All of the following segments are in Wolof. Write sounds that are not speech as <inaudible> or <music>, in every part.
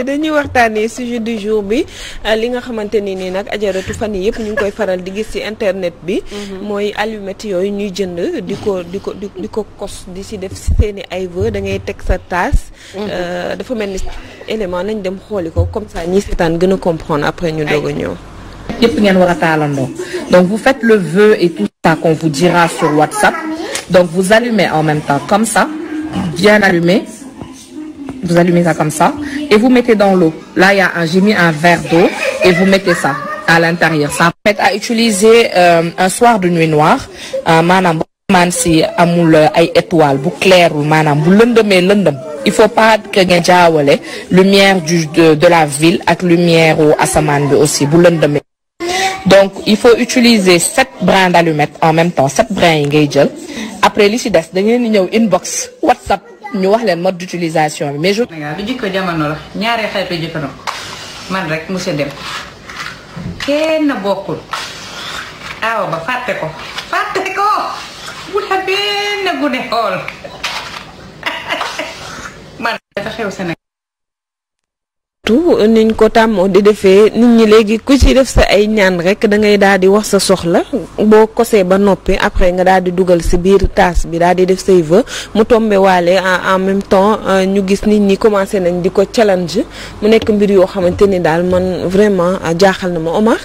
dañuy waxtaanee sujet du jour bi euh, li nga xamante ni nii nag ajaratu fan yii yëpp ñu ngi koy faral di gis ci internet bi. Mhm. mooy allumette yooyu ñuy jënd di ko di ko di ko kos di ci def si seeni ay vœux da ngay teg sa taas. Mhm. Euh, dafa mel ni élément nañ dem xooli ko comme ça ñi seetaan gën a comprendre après ñu doog a ñëw. yëpp ngeen war a taalandoo donc vous faites le vœu et tout ça qu'on vous dira sur WhatsApp donc vous allumez en même temps comme ça bien allumé. vous allumez ça comme ça et vous mettez dans l'eau. Là, il y a un, verre d'eau et vous mettez ça à l'intérieur. Ça permet à utiliser euh, un soir de nuit noire euh, maanaam bu maan si amul euh, ay étoile bu clairul maanaam bu lëndëmee lëndëm il faut pas que ngeen jaawale lumière du de, de la ville ak lumière u asamaan bi aussi bu lëndëmee donc il faut utiliser sept brins d'allumettes en même temps sept brins yi ngay jël après li ci des da ngeen inbox ñu wax leen mode d'utilisation bi mais. du jikko jamono la ñaaree xeetu jikko na man rek monsieur Deme kenn bokkul awa ba fàtte ko fàtte ko bu la benn gune xool <laughs> man dafa xew Sénégal tout euh, niñ ko tàmmoo di defee nit ñi léegi ku ci def sa ay ñaan rek dangay daal di wax sa soxla boo kosee ba noppi après nga daal di dugal si biir taas bi daal di def say vœux mu tombé waale en même temps euh, ñu gis nit ñi commencé nañ di ko challenge mu nekk mbir yoo xamante ni daal man vraiment euh, jaaxal na ma Omar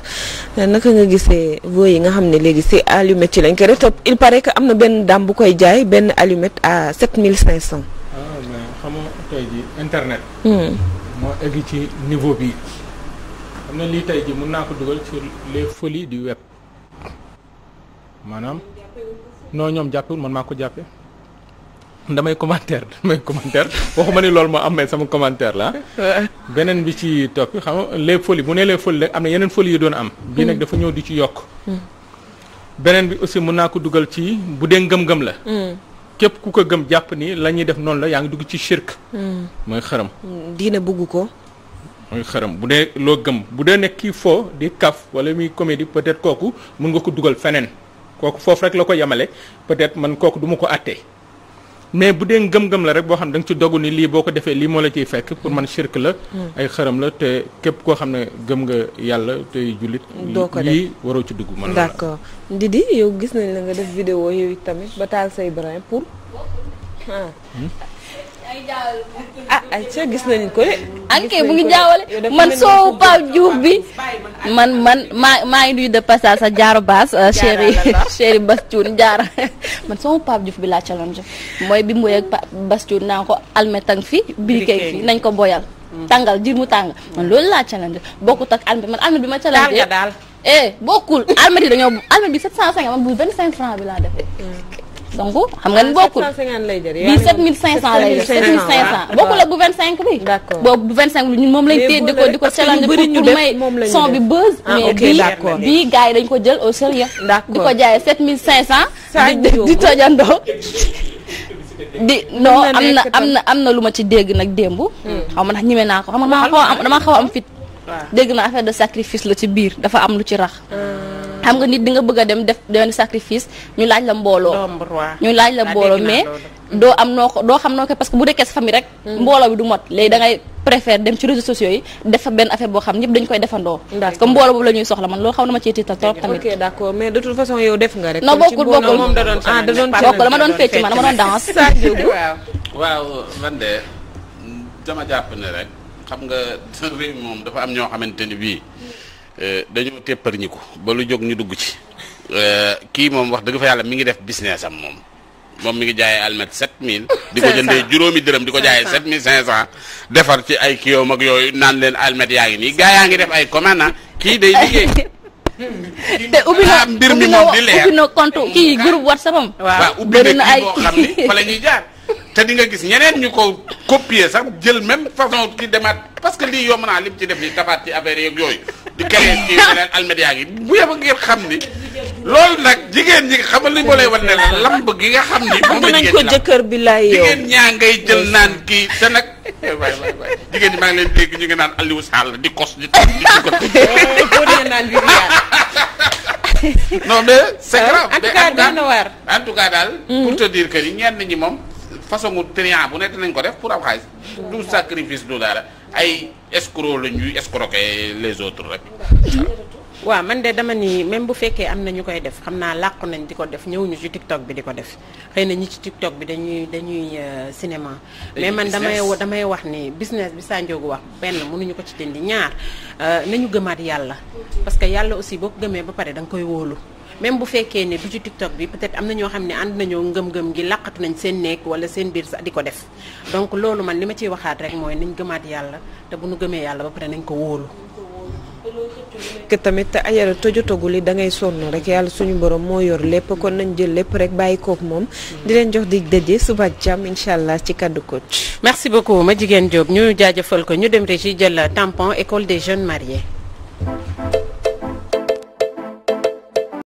naka nga gisee vœux yi nga xam ne léegi si allumette ci lañ koy def il paraît que am na benn dàm bu koy jaay benn allumette à 7500. ah mais xam internet. Hmm. moo egg ci niveau bi xam ne lii tey ji mën naa ko dugal sur les folies du web maanaam non ñoom jàppewul man maa ko jàppe damay commentaire damay commentaire waxuma ni loolu moo am mais sama commentaire la beneen bi ci topp xam nga les folies bu nee les folies rek am na yeneen folies yi doon am bii nag dafa ñëw di ci yokk hmm. beneen bi aussi mën naa ko dugal ci bu dee ngëm-ngëm la hmm. képp ku ko gëm jàpp ni la ñuy def noonu la yaa ngi dugg ci shirk. Hmm. mooy xaram. diine bugg ko. mooy xërëm bu dee loo gëm bu dee nekk kii foo di kaf wala muy comédie peut-être kooku mën nga ko dugal feneen kooku foofu rek la ko yemale peut-être man kooku duma ko àttee. mais bu dee ngëm-ngëm la rek boo xam ne danga ci dogu ni lii boo ko defee lii moo la ciy fekk pour man shirk la. Mm. ay xërëm la te képp koo xam ne gëm nga yàlla tey jullit. doo ko lii waroo ci dugg. man la d'accord Didi yow gis nañ la nga def vidéo yow tamit ba taal say brin pour ah. hmm? ah ay ah, ca gis nañu ko de. anke bu ngi jaawale man soowu Pape Diouf bi man man maa maa ngi nuyu de passage sa jaaro baas. Euh, chéri <laughs> chéri Bas Thioune jaara <laughs> man soowu Pape Diouf bi laa challenge mooy bi mu ak Bas Thioune naa ko almetang fi birikeeg fi nañ ko boyal. Hmm. tàngal ji mu tàng man loolu laa challenge bokkut ak almet man almet bi ma challenge. daal nga daal eh bokkul almet yi dañoo almet bi 750 man bu 25 francs bi laa def. Hmm. donc xam nga ni bokkul bii 7500 lay def 7500 bokkul ak bu 25 bi. d' accord boobu bi ñun moom lañ téye di ko di ko challenge pour ah, yi dañ ko jël au sérieux. d' accord di ko jaayee 7500. saa di di tojandoo. di non am na am na am na lu ma ci dégg nag démb. Hmm. xaw ma ndax ñeme naa ko xam nga maa xaw am dama xaw am fit. dégg na affaire de sacrifice la ci biir dafa am lu ci rax. Ah. xam nga nit di nga bëgg dem def benn sacrifice ñu laaj la mbooloo ñu laaj la mbooloo mais doo am noo ko doo xam noo ko parce que bu dekkee sa famille rek hmm. mbooloo bi du mot léegi da ngay préfère dem ci réseaux sociaux yi def fa benn affaire boo xam ñëpp dañ koy defandoo parce que mbooloo boobu la ñuy soxla man loolu xam na ma ci tiital trop tamit ok nga da doon ah da jàpp ne rek xam nga dafa am ñoo xamante ni bii Eh, dañoo tepparñi ko ba lu jóg ñu dugg ci eh, kii moom wax dëgg fa yàlla mi ngi def business am moom moom mi ngi jaayee almet 7000. mille <laughs> di ko jëndee juróomi dërëm di ko jaayee 7500. defar ci ay kiyoom ak yooyu naan leen almet yaa ngi nii gaa yaa ngi def ay commande ah kii day liggéey. <laughs> te ubbi na ah, mbir mi moom di leer ubbi na compte kii groupe whatsapp am. waaw ubbi na kii boo xam ñuy jaar. te di nga gis ñeneen ñu ko copier sax jël même façon ki demaat parce que lii yomb naa lim ci def yi tabaat ci affaire yeeg yooyu di keneen ci yeneen <laughs> almédia yi bu yeba ngeen xam ni loolu nag jigéen ñi xamal li moo lay wan ne lamb gi nga xam ni moom la jigéen ko jëkkër bi laay ñaa ngay jël naan kii te nag eh, waay waay waay maa ngi leen dégg ñu ngi naan Aliou Sall di kos di tag di ko <laughs> eh, non mais c'est euh, grave en tout cas daal pour mm-hmm. te dire que ñenn ñi moom façon triant bu nekk dinañ ko def pour am xaalis du sacrifice du dara ay escroc lañ ñuy escroquer les autres rek waaw man de dama nii même bu fekkee am na ñu koy def xam naa làqu nañ di ko def ñëwuñu ci TikTok bi di ko def xëy nañu ñi ci TikTok bi dañuy dañuy euh, cinéma mais man damay damay wax ni business bi Sa Ndiogou wax benn mënuñu ko ci dindi ñaar euh, nañu gëmaat yàlla parce que yàlla aussi boo ko gëmee ba pare da koy wóolu même bu fekkee ne du ci TikTok bi peut-être am na ñoo xam ne ànd nañoo ngëm-ngëm gi làqatu nañ seen nekk wala seen biir sax di ko def donc loolu man li ma ciy waxaat rek mooy nañ gëmaat yàlla te bu ñu gëmee yàlla pare nañ ko wóolu que tamit ayara tojotagul yi da ngay sonn rek yàlla suñu borom moo yor lépp kon nañ jël lépp rek bàyyi kook moom. di leen jox di daje suba ak jàmm allah ci kaddu coach. merci beaucoup ma jigéen Diop ñu jaajëfal ko ñu dem rek ci jël tampon école des jeunes mariés.